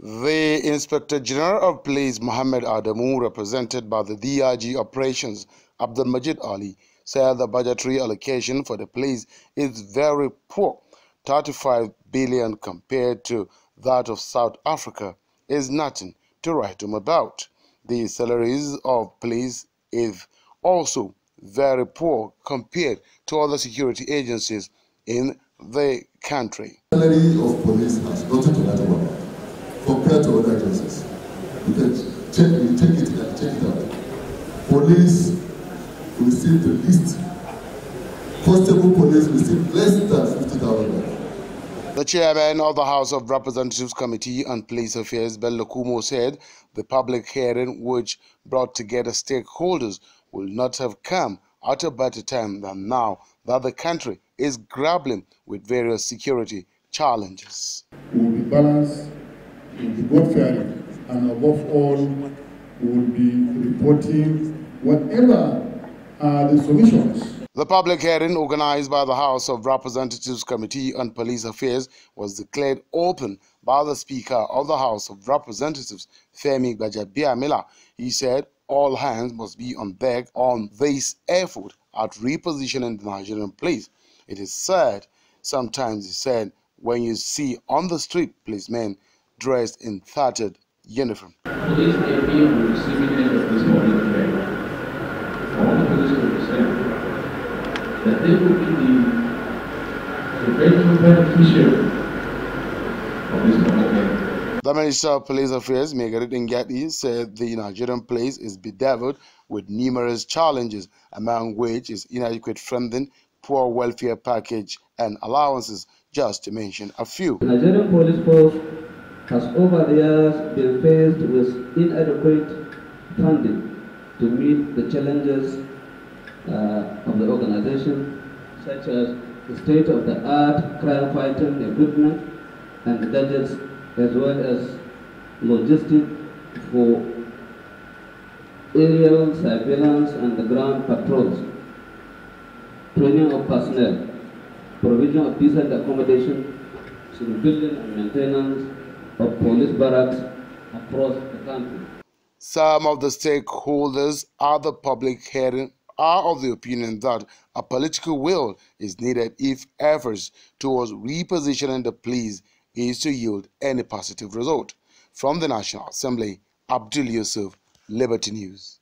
The Inspector General of Police Mohammed Adamu, represented by the DRG Operations Abdul Majid Ali, said the budgetary allocation for the police is very poor. 35 billion compared to that of South Africa is nothing to write home about. The salaries of police is also very poor compared to other security agencies in the country. The salary of police has to compared to other agencies. You can check, you check it check it out. Police received the least. Constable police received less than 50,000 The chairman of the House of Representatives Committee on Police Affairs, Bello Kumo, said the public hearing, which brought together stakeholders, will not have come at a better time than now that the country is grappling with various security challenges. It will be balanced will be God-fearing, and above all, we will be reporting whatever are the solutions. The public hearing organized by the House of Representatives Committee on Police Affairs was declared open by the Speaker of the House of Representatives, Femi Gbajabiamila. He said all hands must be on deck on this effort at repositioning the Nigerian police. It is sad, sometimes he said, when you see on the street policemen dressed in tattered uniform. Police appear the police understand that they will be the of this The Minister of Police Affairs, Megarit Ngati, said the Nigerian police is bedeviled with numerous challenges, among which is inadequate funding, poor welfare package, and allowances, just to mention a few. The Nigerian police force has over the years been faced with inadequate funding to meet the challenges uh, of the organization, such as the state-of-the-art crime-fighting equipment and gadgets, as well as logistics for aerial surveillance and the ground patrols, training of personnel, provision of decent accommodation, building and maintenance, of police barracks across the country. Some of the stakeholders at the public hearing are of the opinion that a political will is needed if efforts towards repositioning the police is to yield any positive result. From the National Assembly, Abdul Yusuf, Liberty News.